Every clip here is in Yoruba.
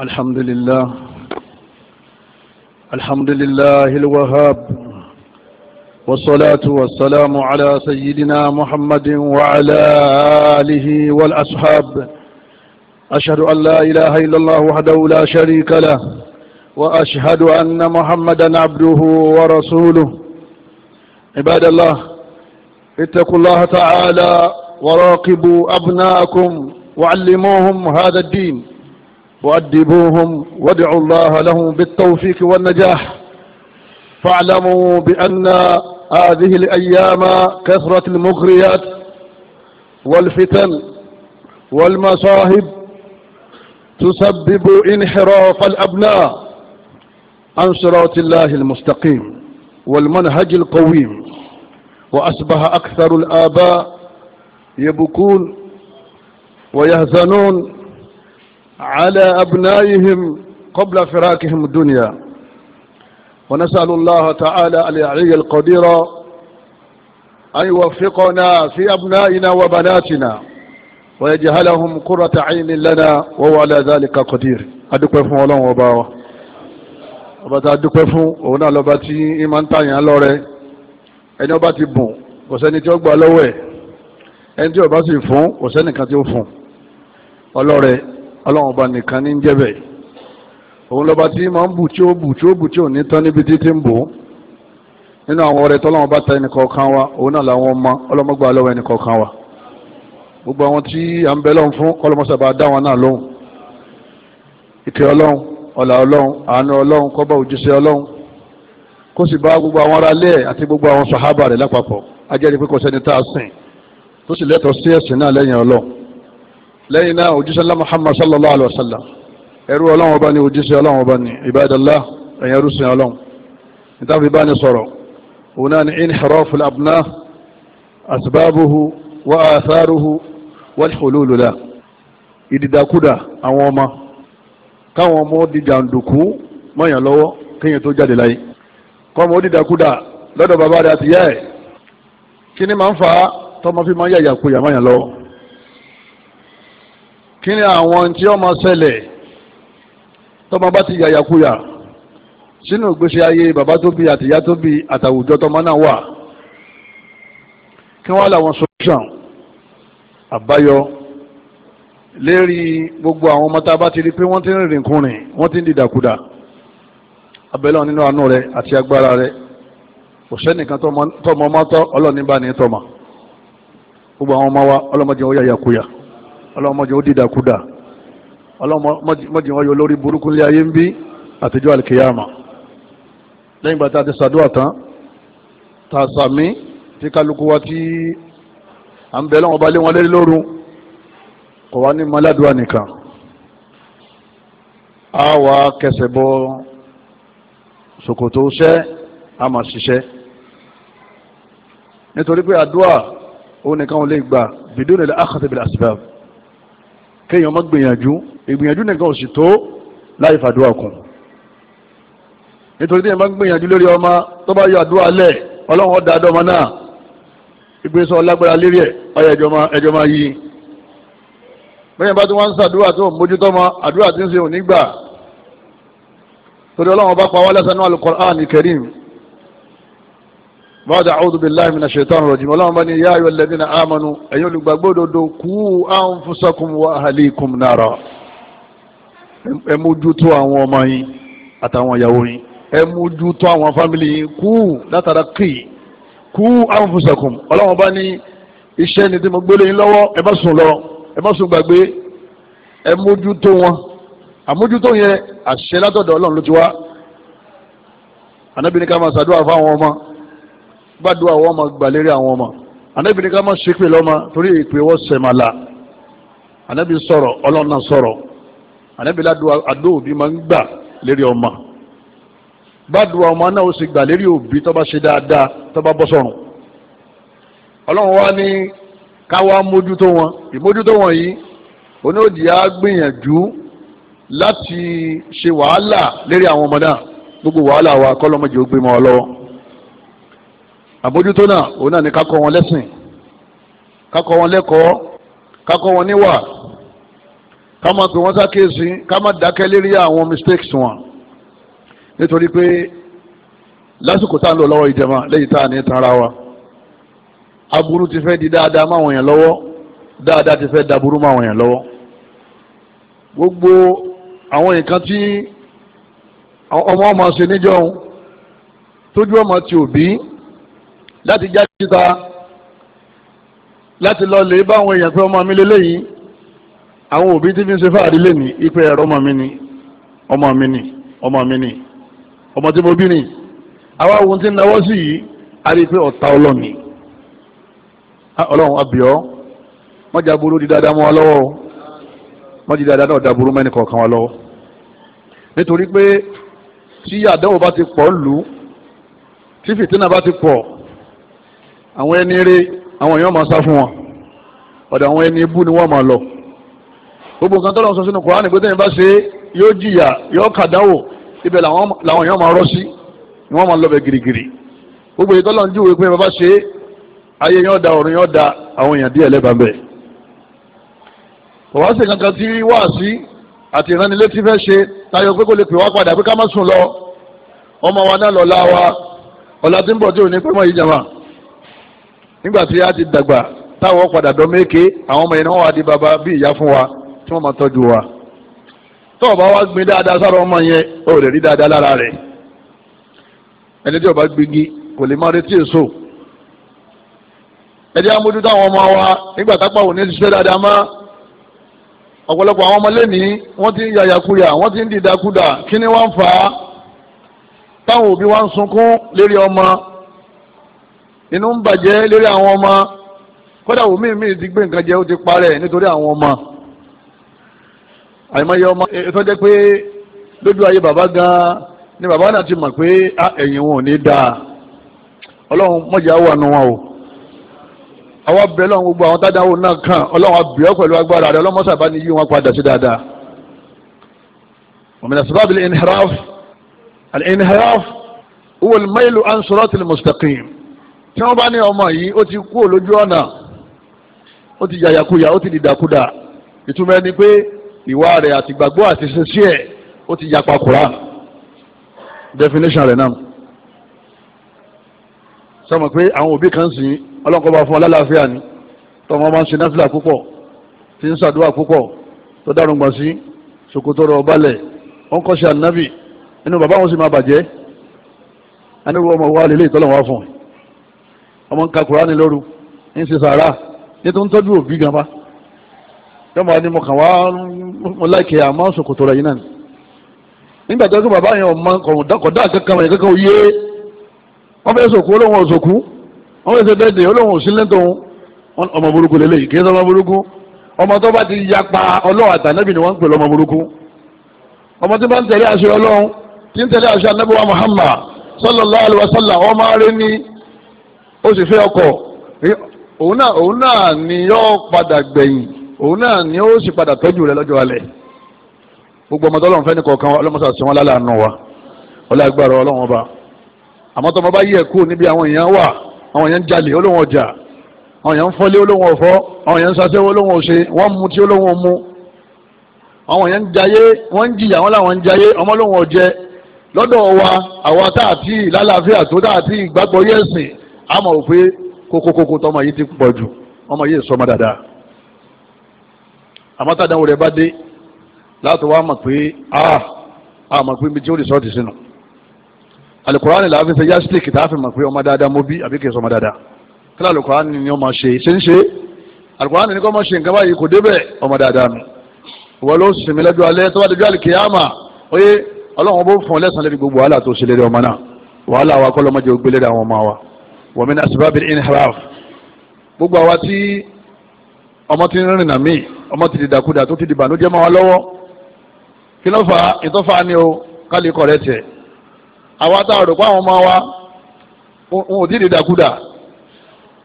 الحمد لله الحمد لله الوهاب والصلاة والسلام على سيدنا محمد وعلى آله والأصحاب أشهد أن لا إله إلا الله وحده لا شريك له وأشهد أن محمدا عبده ورسوله عباد الله اتقوا الله تعالى وراقبوا أبناءكم وعلموهم هذا الدين وأدبوهم وادعوا الله لهم بالتوفيق والنجاح فاعلموا بأن هذه الأيام كثرة المغريات والفتن والمصاهب تسبب انحراف الأبناء عن صراط الله المستقيم والمنهج القويم وأصبح أكثر الآباء يبكون ويهزنون على أبنائهم قبل فراكهم الدنيا ونسأل الله تعالى العلي القدير أن يوفقنا في أبنائنا وبناتنا ويجعلهم قرة عين لنا وهو على ذلك قدير أدوك فون ولون وباوة ọbàtà adúpẹ́ fún òun náà lọ́ba tí ń máa ń tàyàn lọ́rẹ ẹni ọba ti bùn kò sẹ́ni tí ó gbà lọ́wọ́ ẹ̀ ẹni tí ọba sì fún kò tí ó fún ọlọ́rẹ ọlọ́run nìkan ní jẹ́bẹ̀ òun lọ́ba tí máa ń bù tí ó bù tí ó bù tí ní tán níbi títí ń bò ó nínú àwọn ọrẹ tọ́lọ́run ta ẹnìkọ̀ọ̀kan wa òun náà làwọn ọmọ ọlọ́mọgbà lọ́wọ́ gbogbo àwọn tí à fún kọ́lọ́mọsàbà náà ìkẹ́ àánú kọ́bà gbogbo àwọn gbogbo àwọn sàhábà rẹ̀ lápapọ̀ ajẹ́rìí pé kò a lẹ́yìn náà òjíṣẹ́ ńlá muhammad sallallahu alayhi wa sallam ẹrú ọlọ́run ọba ni òjíṣẹ́ ọlọ́run ọba ni ibadallah ẹ̀yìn ẹrú sin ọlọ́run nítàfi bá ní sọ̀rọ̀ òun náà ni inhirafu abna asbabuhu wa atharuhu wal hululu la ìdìdàkudà àwọn ọmọ káwọn ọmọ di jàǹdùkú mọ̀yàn lọ́wọ́ kéèyàn tó jáde láyé kọ́mọ dídàkudà lọ́dọ̀ bàbá rẹ̀ àti yá ẹ̀ kí ni máa ń fa tọ́mọ fi máa ń yàyà kuyà mọ̀yàn lọ́wọ́ kí ni àwọn tí ó máa ṣẹlẹ̀ tọ́mọ bá ti yàyàkuyà sínú ìgbésí ayé bàbá tó bí àtìyá tó bí àtàwùjọ tọmọ náà wà kí wọ́n làwọn solution àbáyọ lérí gbogbo àwọn ọmọ tá a bá ti rí pé wọ́n ti ń rìnrìn kùnrin wọ́n ti ń dìdàkudà abẹ́lẹ́ nínú àánú rẹ àti agbára rẹ òṣèǹkan tọmọ mọ́tọ́ ọlọ́ọ̀ni bá ní tọmọ gbogbo àwọn ọmọ wa ọlọ́mọdé wọn yàyàkuyà ọlọ́mọdé ó dìdàkudà ọlọ́mọdé wọn yọ lórí burúkú ilé ayé ń bí àtijọ́ àlìkèyàmà lẹ́yìn ìgbà tá a ti ṣàdúrà tán tá sàmí tí kálukú wa tí à ń bẹ lọ́wọ́ bá lé wọn lérí lóru kò wá ní maládùá nìkan a wà kẹsẹ̀ bọ ṣòkòtò ṣẹ́ a mà ṣiṣẹ́ nítorí pé àdúrà òun nìkan ò lè gbà la àkàtẹ̀bìlẹ̀ àṣìbáàbù kéèyàn má gbìyànjú ìgbìyànjú nìkan ò sì tó láì fàdúrà kù nítorí téèyàn bá gbìyànjú lórí ọmọ tó bá yọ àdúrà lẹ̀ ọlọ́run ọ̀dà àdọ́mọ náà ìgbésọ lágbára lérí ẹ̀ ọyọ ẹjọ́ máa yí bẹ́ẹ̀ bá tí wọ́n ń sàdúrà tó ń bójútó mọ àdúrà tí ń ṣe òní gbà torí ọlọ́run bá pa wá lẹ́sẹ̀ náà al bọ́dà a'udhu billahi minash shaitani rajim ọlọ́run bá ní ya ayyuhal ladhina amanu ẹ̀yin olùgbàgbọ́ òdodo ku anfusakum wa ahlikum nara ẹ mójútó àwọn ọmọ yín àtàwọn ìyàwó yín ẹ mójútó àwọn fámìlì yín ku látara kì ku anfusakum ọlọ́run bá ní iṣẹ́ ni tí mo gbélé yín lọ́wọ́ ẹ má sùn lọ ẹ má sùn gbàgbé ẹ mójútó wọn àmójútó yẹn àṣẹ látọ̀dọ̀ ọlọ́run ló ti wá ànábì ní ká máa ṣàdúrà fáwọn ọmọ gbàdúrà àwọn ọmọ gbàlérí àwọn ọmọ ànábì ní ká má ṣe pé lọ́mọ torí ìpè wọ́n sẹ̀mà la ànábì sọ̀rọ̀ ọlọ́nà sọ̀rọ̀ ànábì ládùúgbò àdó òbí máa ń gbà lérí ọmọ gbàdúrà ọmọ náà ó sì gbà lérí òbí tó bá ṣe dáadáa tó bá bọ́ sọ̀rùn ọlọ́run wá ní káwá mójútó wọn ìmójútó wọn yìí oníòdìyà gbìyànjú láti ṣe wàhálà lérí àwọn ọmọ náà gbogbo wàhálà wa kọ́lọ́mọdé ó gbé mọ́ ọ lọ́wọ́ àbójútó náà òun náà ni kakọ wọn lẹ́sìn kakọ wọn lẹ́kọ̀ọ́ kakọ wọn níwà ká máa pè wọ́n sákèésí ká máa dákẹ́ lérí àwọn mistakes wọn nítorí pé lásìkò tá à ń lò lọ́wọ́ ìjẹ̀mà lẹ́yìn tá à ní tanra wa aburú ti fẹ́ di dáadáa máwọn èèyàn lọ́wọ́ dáadáa ti fẹ́ daburú máwọn èèyàn lọ́wọ́ gbogbo àwọn nǹkan tí ọmọ ọmọ ṣe níjọ́ tójú ọmọ ti òbí láti já síta láti lọ lè bá àwọn èèyàn pé ọmọ mi lélẹ́yìn àwọn òbí tí fi ń ṣe fáàrí lè ní ipe ẹ̀rọ ọmọ mi ni ọmọ mi ni ọmọ mi ni ọmọ tí mo bí ni àwa ohun tí ń nawọ́ sí yìí a rí i pé ọ̀tá ọlọ́ọ̀ni ọlọ́run abiyọ́ wọ́n jà burú di dáadáa mọ́ wa lọ́wọ́ wọ́n di dáadáa náà da burú mẹ́ni kọ̀ọ̀kan wa lọ́wọ́ nítorí pé tí àdánwò bá ti pọ̀ lù tí fìtínà bá ti pọ̀ àwọn ẹni eré àwọn èèyàn máa sá fún wọn ọ̀dọ̀ àwọn ẹni ibú ni wọ́n máa lọ gbogbo nǹkan tọ́lọ́ sọ sínú Kùránì pé tẹ́yìn bá ṣe yóò jìyà yóò kàdánwò ibẹ̀ làwọn èèyàn máa rọ́ sí ni wọ́n máa lọ bẹ̀ gìrìgìrì gbogbo ìtọ́lọ́ ń júwèé pé bàbá ṣe ayé yóò da ọ̀run yóò da àwọn èèyàn díẹ̀ lẹ́bàá bẹ̀ bàbá ṣe kankan tí wá sí àti ìránnilétí fẹ́ ṣe tayọ pé kò lè pè wá padà pé ká má sùn lọ ọmọ wa náà lọ́la wa ọ̀la tí pẹ́ mọ́ yìí jàmá nígbà tí a ti dàgbà táwọn padà dán méke àwọn ọmọ yẹn wọn wà di baba bí ìyá fún wa tí wọn máa tọ́jú wa tó o bá wá gbin dáadáa sára ọmọ yẹn o lè rí dáadáa lára rẹ̀ ẹni tí o bá gbigi kò lè má retí èso ẹ jẹ́ amójútó ọmọ wa nígbà tápá òní ṣiṣẹ́ dáadáa má ọ̀pọ̀lọpọ̀ àwọn ọmọ lẹ́nìí wọ́n ti ń yàyàkuyà wọ́n ti ń dìdakúdà kí ni wọ́n fà á táwọn òbí wa ń sunkún lérí ọmọ inú ń bàjẹ́ lórí àwọn ọmọ kódà wò mímí ti gbé nǹkan jẹ ó ti parẹ́ nítorí àwọn ọmọ àìmọye ọmọ tó jẹ́ pé lójú ayé bàbá gan ni bàbá náà ti mọ̀ pé ah, ẹ̀yìn wọn ò ní dáa ọlọ́run mọ̀jẹ̀ á wà nù wọn o àwa bẹ̀ lọ́run gbogbo àwọn tájáwò náà kàn ọlọ́run àbẹ̀ọ́ pẹ̀lú agbára rẹ̀ ọlọ́mọ́sà bá ní yí wọn padà sí dáadáa ومن أسباب الانحراف الانحراف هو الميل عن صراط المستقيم tí wọ́n bá ní ọmọ yìí ó ti kú lójú ọ̀nà ó ti yàyàkuyà ó ti dìdàkudà ìtumọ̀ ẹni pé ìwà rẹ̀ àti gbàgbọ́ àti ṣiṣẹ́ ẹ̀ ó ti yapa Quran definition rẹ̀ náà sọmọ pé àwọn òbí kan sìn ọlọ́nkọ́ bá fún ọ lálàáfíà ni tọmọ máa ń ṣe náfìlà púpọ̀ tí ń ṣàdúrà púpọ̀ tó dárúgbọ̀n sí ṣòkòtò rọ̀ balẹ̀ ó ń kọ́ ṣe ànábì inú bàbá wọn sì máa bàjẹ́ ẹni wọ́n ọmọ wa lélẹ́yìí tọ́lọ̀ wá fún un ọmọ nǹka kùránì lóru ń ṣe sàrà nítorí ń tọ́jú òbí gan bá yọmọ ni mo kàn wá mo láìkè àmọ́ sòkòtò rẹ̀ yìí náà nígbà tó kí bàbá yẹn ọmọ kọ̀dá kankan yẹn kankan yé wọ́n fẹ́ sòkú olóhùn òsòkú wọ́n fẹ́ ṣe bẹ́ẹ̀dẹ̀ olóhùn òsínlẹ́tọ̀hún ọmọ burúkú lélẹ́yìí kì í ṣe ọmọ burúkú ọmọ tó bá ti yapa ọlọ́run àtànẹ́bì ni wọ́n ń pè lọ́mọ burúkú ọmọ tí bá ń tẹ̀lé àṣẹ ọlọ́run tí ń tẹ̀lé àṣẹ anábíwá Muhammad sallallahu alaihi wasallam ọmọ rẹ ó sì fẹ́ ọkọ òun náà òun náà ni yóò padà gbẹ̀yìn òun náà ni ó sì padà tọ́jú rẹ lọ́jọ́ alẹ́ gbogbo ọmọ tọ́lọ́run fẹ́ni kọ̀ọ̀kan ọlọ́mọṣà sí wọn lálàánú wa ọlọ́gbàrọ̀ ọlọ́wọ́n ọba àmọ́ tọmọ bá yẹ kú níbi àwọn èèyàn wà àwọn èèyàn jalè olóhùn ọjà àwọn èèyàn fọ́lé olóhùn ọ̀fọ́ àwọn èèyàn sasẹ́wọ́ olóhùn ọ̀ṣẹ́ wọ́n mu tí olóhùn ọ̀mu àwọn èèyàn jayé wọ́n ń jìyà wọn làwọn ń jayé ọmọ olóhùn ọ̀jẹ́ lọ́dọ̀ wa àwa tá lálàáfíà tó tá ìgbàgbọ́ yẹ̀sìn a mọ̀ pé kókókókó tọmọ yìí ti pọ̀ jù ọmọ yìí sọmọ dáadáa àmọ́ tàdánwò rẹ̀ bá dé láti wá mọ̀ pé a a mọ̀ pé méjì ó lè sọ́ọ̀tì sínú alukurani la fi ṣe yastik tá a fi mọ̀ pé ọmọ dáadáa mo bí àbí kì í sọmọ dáadáa kílá alukurani ni ọmọ ṣe ṣe ń ṣe alukurani ni kò mọ̀ ṣe nǹkan báyìí kò débẹ̀ ọmọ dáadáa mi wọ́n ló sinmi lẹ́jọ́ alẹ́ tó bá dẹjọ́ alikiyama oyè ọlọ́run bó fún ọ lẹ́sàn-án lẹ́bi gbogbo wàhálà tó ṣe lérí ọmọ náà wàhálà wa kọ́ lọ́mọdé ó àwọn ọmọ wa wa min asbab al-inhiraf gbogbo àwa tí ọmọ ti rìn nà mí ọmọ ti di dàkúdà tó ti di bànújẹ́ mọ́ wa lọ́wọ́ kí ló fà ìtọ́fà ni o kálí kọ̀rẹ́ tiẹ̀ àwa tá a rò pé àwọn ọmọ wa wọn ò ti di dàkúdà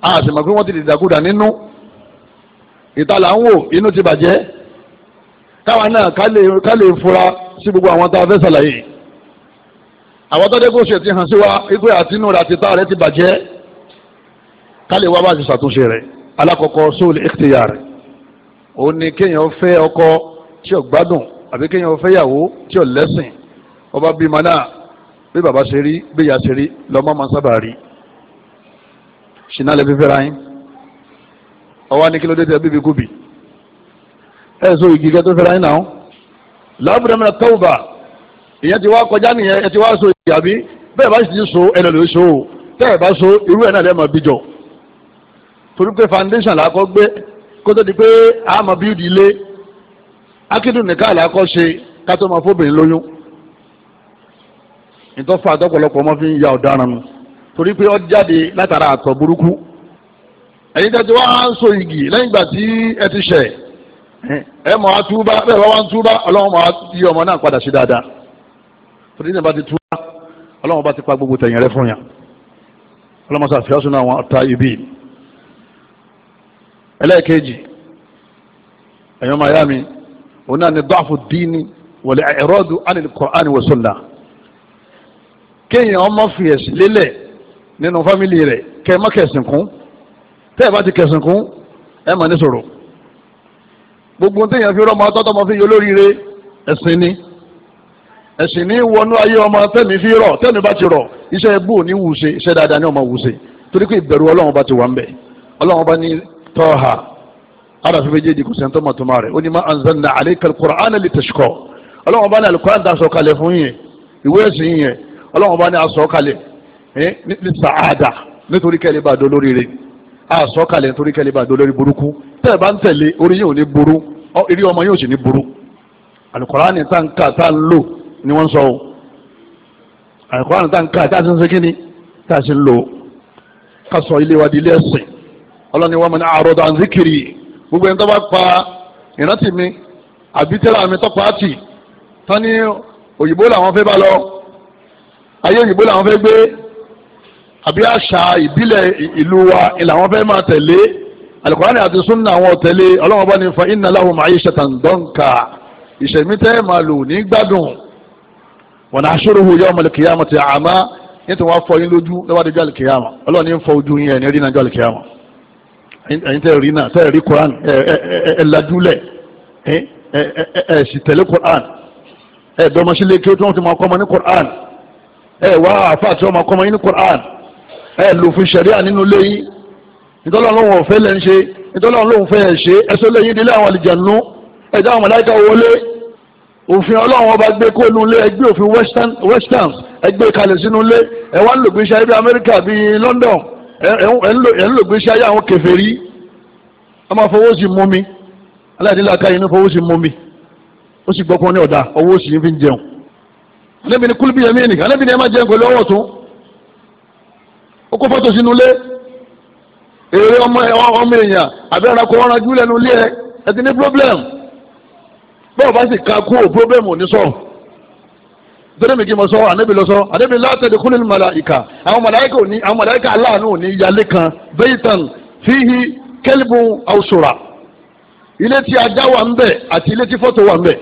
a sì mọ̀ pé wọ́n ti di dàkúdà nínú ìta ń wò inú ti bàjẹ́ káwa náà ká fura sí gbogbo àwọn tá a fẹ́ sàlàyé àwọn tó dé ṣe ti hàn sí wa ikú àtinú rẹ̀ àti tá rẹ̀ ti bàjẹ́ kálí wá bá ti ṣàtúnṣe rẹ̀ alákọ̀ọ́kọ́ sóòlù ìkìtìyàrì òun ni kéèyàn fẹ́ ọkọ tí ò gbádùn àbí kéèyàn fẹ́ yàwó tí ò lẹ́sìn ọba bímọ náà bí bàbá ṣe rí bí ìyá ṣe rí lọ́mọ máa ń sábà rí ṣìnà lè fi fẹ́ra yín ọwọ́ ní kí ló dé tẹ bíbí kúbi ẹ sọ igi kẹ fẹ́ra yín náà láàbùdá mi náà tọ́wùbà ìyẹn ti wá kọjá nìyẹn ẹ ti wá so ìyàbí bẹ́ẹ̀ bá sì ti so ẹ̀ lọ́ọ́ lè so tẹ́ ẹ̀ bá so irú ẹ̀ náà lẹ́ẹ̀ máa bí torí pé foundation làkọ́ gbé kó tó di pé a máa build ilé akíndùn nìkan làkọ́ ṣe ká tó máa fóbìnrin lóyún ìtọ́fà àtọ́pọ̀lọpọ̀ ọmọ fi ń ya ọ̀daràn nu torí pé ó jáde látara àtọ̀ burúkú ẹ̀yin tẹ́tí wá ń so igi lẹ́yìn ìgbà tí ẹ ti ṣẹ̀ ẹ mọ̀ á túbá bẹ́ẹ̀ bá wá ń túbá ọlọ́run mọ̀ á yí ọmọ náà padà sí dáadáa torí nígbà tí túbá ọlọ́run bá ti pa gbogbo tẹ̀yìn rẹ fún yàn ọlọ́run sàfihàn sínú àwọn ọ̀tá ibi ẹlẹ́ẹ̀kejì ẹ̀yọ́ maya mi òun náà ni dọ́àfù díínì wọlé ẹ̀rọ́dù ánìlì kọ́ránì wa sunna kéèyàn ọmọ fi ẹ̀sìn lélẹ̀ nínú fámìlì rẹ̀ kẹ́ ẹ má kẹ̀sìn kún tẹ́ ẹ bá ti kẹ̀sìn kún ẹ mà ní sọ̀rọ̀ gbogbo téèyàn fi rọmọ atọ́tọ́ ọmọ fi yọ lóríire ẹ̀sìn ni ẹ̀sìn ní wọnú ayé ọmọ tẹ́mi fi rọ̀ tẹ́mi bá ti rọ̀ iṣẹ́ ibú ò ní wù iṣẹ́ dáadáa ní ọmọ wù torí pé ìbẹ̀rù ọlọ́run bá ti wà ń bẹ̀ ọlọ́run bá ní tọ́ha aráàfin méjèèjì kò sẹ́ńtọ́ mọ̀ tó máa rẹ̀ ó ní ma anzalna alayka al-Qur'ana litashqa ọlọ́run bá ní al-Qur'an dá sọ̀kalẹ̀ fún yẹn ìwé ẹ̀sìn yẹn ọlọ́run bá ní asọ̀kalẹ̀ ní sàáda nítorí kẹ́lẹ́ bá dolórí rẹ̀ asọ̀kalẹ̀ nítorí kẹ́lẹ́ bá dolórí burúkú tẹ́ẹ̀ bá ń tẹ̀lé orí yóò ní burú eré ọmọ yóò sì ní burú al-Qur'an ní táǹkà tá ń lò ni wọ́n sọ ọlọ́ni wọn mọ̀ ní àròdà ń zikiri gbogbo ẹni tó bá pa ìrántí mi àbí tẹ́lá mi tọ́pọ̀ àti tán ní òyìnbó làwọn fẹ́ bá lọ ayé òyìnbó làwọn fẹ́ gbé àbí àṣà ìbílẹ̀ ìlú wa làwọn fẹ́ máa tẹ̀lé alukurani àti sunna àwọn ọ̀tẹ̀lé ọlọ́wọ́n bá ní fa inna lahum ma'ishatan danka ìṣẹ̀mí tẹ́ máa lò ní gbádùn wa nahshuruhu yawm al-qiyamati a'ma nítorí wọ́n fọ yín lójú lọ́wọ́ adéjọ́ àlùkìyàmà ọlọ́run ní fọ ojú yín ẹ̀ ní rí nàjọ́ àlùkìyàmà ẹ̀yin tẹ́ rí náà tẹ́ rí Quran ẹ ẹ ẹ lajúlẹ̀ ẹ ẹ sì tẹ̀lé Quran ẹ dọ́mọsílẹ̀ kí o tí wọ́n ti máa kọ́ ọmọ ní Quran ẹ wá àáfàá tí wọ́n máa kọ́ ọmọ yín ní Quran ẹ lò fún ṣẹ̀ríà nínú ilé yín nítorí ọlọ́run ọ̀fẹ́ lẹ́ ń ṣe nítorí ọlọ́run fẹ́ ẹ̀ ṣe ẹ sọ́lé yín délé àwọn àlìjànú ẹ dá àwọn màláíkà wọlé òfin ọlọ́run ọba gbé kó inú ilé ẹgbẹ́ òfin westerns ẹgbẹ́ kalẹ̀ sínú ilé ẹ wá ń lò gbé iṣẹ́ ibi Amẹ́ríkà bíi London ẹ̀ ń lò gbèsè ayé àwọn kèfèrí a máa fọwọ́ sí mú mi aláìdílé akáyé ní fọwọ́ sí mú mi ó sì gbọ́kàn ní ọ̀dà ọwọ́ sì fi ń jẹun alẹ́bi ni kúlù bí yẹmí nìkan alẹ́bi ni ẹ máa jẹun pẹ̀lú ọwọ́ tún ó kó fọ́tò sínú ilé èrè ọmọ ọmọ èèyàn àbí ẹranko wọn rajú lẹ́nu ilé ẹ ẹ ti ní problem bọ́ọ̀ bá sì ka kú ò problem ò ní sọ̀rọ̀ torí mi kí mo sọ ànábì lọ sọ ànábì látẹ̀dẹ̀ kúlẹ̀ màláìka àwọn màláìka ò ní àwọn màláìka aláàánú ò ní yalé kan bẹ́ẹ̀tàn fíhi kẹ́lìbùn àwùsùrà ilé tí ajá wà ń bẹ̀ àti ilé tí fọ́tò wà ń bẹ̀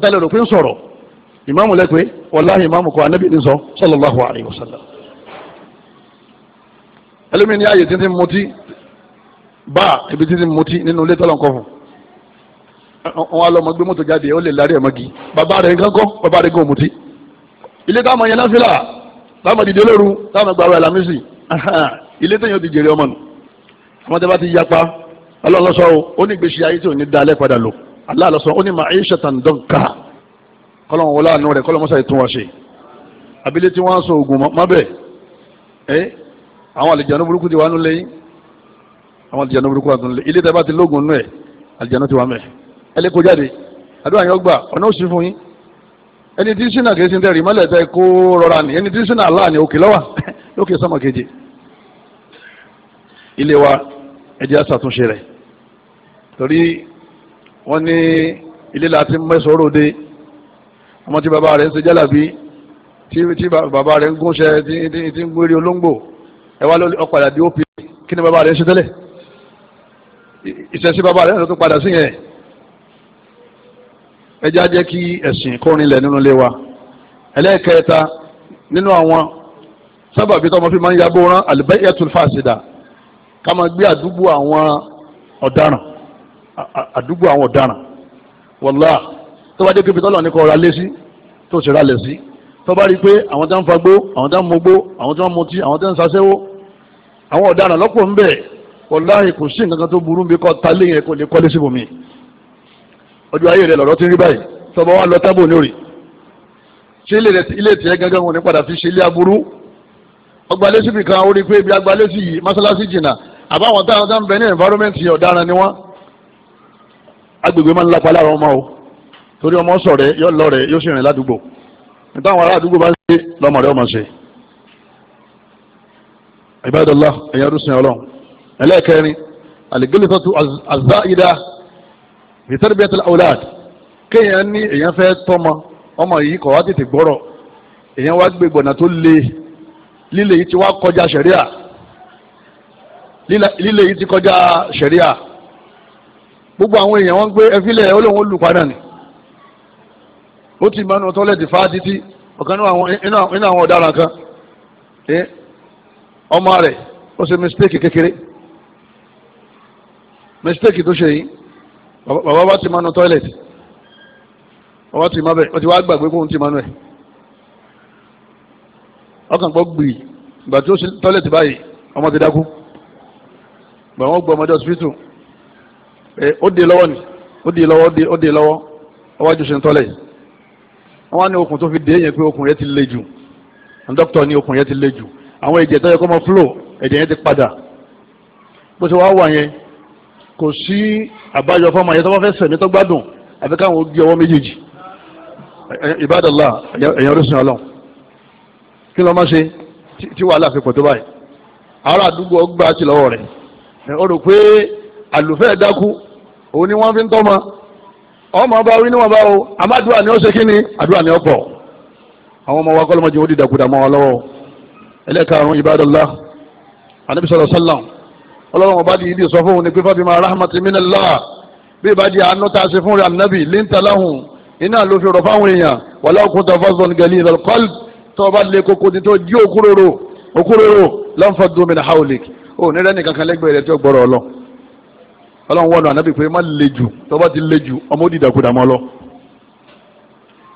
tálẹ̀ rò pé ń sọ̀rọ̀ ìmáàmù lẹ́pẹ́ wàláhì ìmáàmù kọ́ ànábì ní sọ sallallahu alayhi wa sallam ẹlẹ́mi ní ààyè títí mutí báà ibi títí mutí nínú ilé tọ́lọ̀ nǹkan fún wọn lọ ọmọ gbé mọ́tò jáde ó lè lárí ẹ̀mọ́ gi bàbá rẹ̀ nǹkan kọ́ bàbá rẹ̀ gan òmùtí ilé táwọn yẹn láfíà táwọn dìde lóru táwọn gba ara ilé téèyàn ti jèrè ọmọ nù àwọn tẹ́ bá ti yapa ọlọ́lọ́sọ o ó ní ìgbésí ayé tí ò ní dalẹ̀ padà lò aláàlọ́sọ ó ní mà ayé ṣètàn dọ́ǹkà kọ́lọ́n wọlé àánú rẹ̀ kọ́lọ́n mọ́sá ètò wọn ṣe abilé tí wọ́n á sọ ògùn mọ́bẹ̀ ẹ́ àwọn àlejò burúkú ti wà nulẹ̀ yín àwọn àlejò burúkú wà nulẹ̀ ilé tẹ́ bá ti lóògùn nù ẹ̀ àlejò ti wà mẹ́ẹ̀ ẹlẹ́ kó jáde àdúrà yẹn gbà ọ̀nà òsì fún yín ẹni tí sinna kìí tẹ̀rì mọ́lẹ̀ tẹ kó rọra ni ẹni tí sinna Allah ni òkè lọ́wà lókè sọ́mọ keje ilé wa ẹjẹ́ àṣàtúnṣe rẹ̀ torí wọ́n ní ilé láti mẹ́sọ̀rọ̀ de ọmọ tí bàbá rẹ̀ ń ṣe jálàbí tí bàbá rẹ̀ ń gúnṣẹ́ tí ń gbére olóńgbò ẹ wá lórí ọ̀padà ó pi kí ni bàbá rẹ̀ ń ṣe tẹ́lẹ̀ ìṣẹ́sí bàbá rẹ̀ ń sọ padà sí yẹn ẹjẹ́ á jẹ́ kí ẹ̀sìn kọrin lẹ̀ nínú ilé wa ẹlẹ́ẹ̀kẹta nínú àwọn sábàbí tọmọ fi máa ń yàgbó rán albayyatul fasida ká máa gbé àdúgbò àwọn ọ̀daràn àdúgbò àwọn ọ̀daràn wàlá tó bá dé kébi tọ́lọ̀ ní kọ́ ra lé sí tó sì ra lẹ̀ sí tó bá rí i pé àwọn tó ń fagbó àwọn tó ń mogbó àwọn tó ń mutí àwọn tó ń saṣẹ́wó àwọn ọ̀daràn lọ́pọ̀ ń bẹ̀ wàlá kò tó burú bí kọ́ ta lé yẹn lè kọ́lé síbòmíì ọjọ́ ayé rẹ lọ́rọ́ ti ń rí báyìí tọ́ba wa lọ tábò ní òrì ṣé ilé tiẹ̀ gángan wọn ní padà fi ṣe ilé aburú ọgbàlẹ́sì nìkan ó rí pé ibi agbálẹ́sì yìí mọ́sálásí jìnnà àbáwọn táwọn tá ń bẹ ní environment yẹn ọ̀daràn ni wọ́n agbègbè máa ń lapa lára ọmọ o torí ọmọ sọ̀rẹ́ yóò lọ yóò sì rìn ládùúgbò nítawọn ará àdúgbò bá ń ṣe lọ́mọ rẹ̀ ọmọ ṣe. ibadallah ẹ̀yà rúṣin ọlọ́run ẹlẹ́ẹ̀kẹrin àlẹ́gẹ́lẹ́tọ́tù àzáìdá ìtẹ́lẹ̀bẹ̀tẹ̀ ọ̀làd kéèyàn ní èèyàn fẹ́ tọ́mọ ọmọ yìí kọ̀ wá tètè gbọ́rọ̀ èèyàn wá gbé gbọ̀nà tó le líle yìí ti wá kọjá ṣẹ̀ríà líle ti kọjá ṣẹ̀ríà gbogbo àwọn èèyàn wọn gbé ẹfílẹ̀ olóhùn olùpadà ni ó ti mọ́nu tọ́lẹ̀tì fáá títí ọ̀kan nínú àwọn kekere, to se yi. bàbá bá ti mánu tọ́ìlẹ̀tì bàbá ti máa bẹ̀ ọ ti wá gbàgbé kóhun ti mánu ẹ̀ ọkàn gbọ́ gbìrì ìgbà tí ó ṣe tọ́ìlẹ̀tì báyìí ọmọ ti dákú gbà wọ́n gbọ́ ọmọdé ọsibítù ẹ ó dé lọ́wọ́ ni ó dé lọ́wọ́ ó dé lọ́wọ́ ọwájú ṣe ń tọ́lẹ̀ wọ́n wá ní okùn tó fi dé yẹn pé okùn yẹn ti le jù dókítà ní okùn yẹn ti le jù àwọn ẹ̀jẹ̀ tó yẹ kó mọ flow ẹ̀jẹ̀ yẹn ti padà bó ṣe wá wà yẹn kò sí àbáyọ fọmọ ẹ̀yẹ tó bá fẹ́ sẹ̀mí tó gbádùn àfi káwọn ó gé ọwọ́ méjèèjì ìbádàlá ẹ̀yàn orísun ọlọ́run kí ló máa ṣe tí wàhálà fi pọ̀ tó báyìí ará àdúgbò ọgbà ti lọ́wọ́ rẹ̀ ó rò pé àlùfẹ́ dákú òun ni wọ́n fi ń tọ́mọ ọmọ bá wí níwọ̀n bá o àmàdúrà ni ó ṣe kí ni àdúrà ni ó pọ̀ àwọn ọmọ wa kọ́ lọ́mọdé ó dìdàkudà mọ́ wọn lọ́wọ́ ẹlẹ́karùn-ún ìbádàlá anábìsọ̀rọ̀ sálàmù ọlọ́run ọba di ìdí sọ fún òun ni pé fábímọ rahmatu minallah bí ìbàdí àánú tá a ṣe fún rẹ ànábì linta lahum iná ló fi rọ̀ fáwọn èèyàn walau kunta fazzan galida al-qalb tó o bá lè koko ní tó jí òkúròrò òkúròrò lanfaddu min hawlik ò ní rẹ́ni kankan lẹ́gbẹ̀ẹ́ rẹ tí ó gbọ́rọ̀ ọlọ ọlọ́run wọnú ànábì pé má le jù tó bá ti le jù ọmọ ó dìdàkudà mọ́ lọ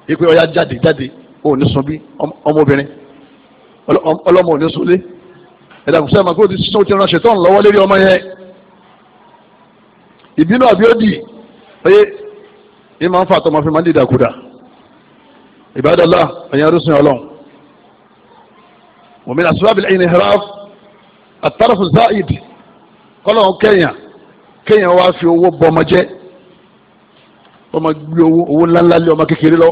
ipe ọya jáde jáde ò ní sunbí ọmọbìnrin ọlọ́mọ ò ní sunlé ẹ̀dàkùn sẹ́yìn màkúrò ti sísun ti ránṣẹ́ tán lọ́wọ́ lérí ọmọ yẹn ìbínú àbí ó dì ẹyẹ yìí máa ń fa àtọmọ fún mi máa ń dìdàkudà ìbádọ́lá ẹ̀yìn arúsùn ọlọ́run wọ́n mi nà sọ́wọ́ abilẹ̀ ẹ̀yìn ìhẹ́rà àtàràfù záìd kọ́lọ́run kẹ́yìn kẹ́yìn wá fi owó bọ́mọ jẹ́ ọmọ gbé owó owó ńláńlá lé ọmọ kékeré lọ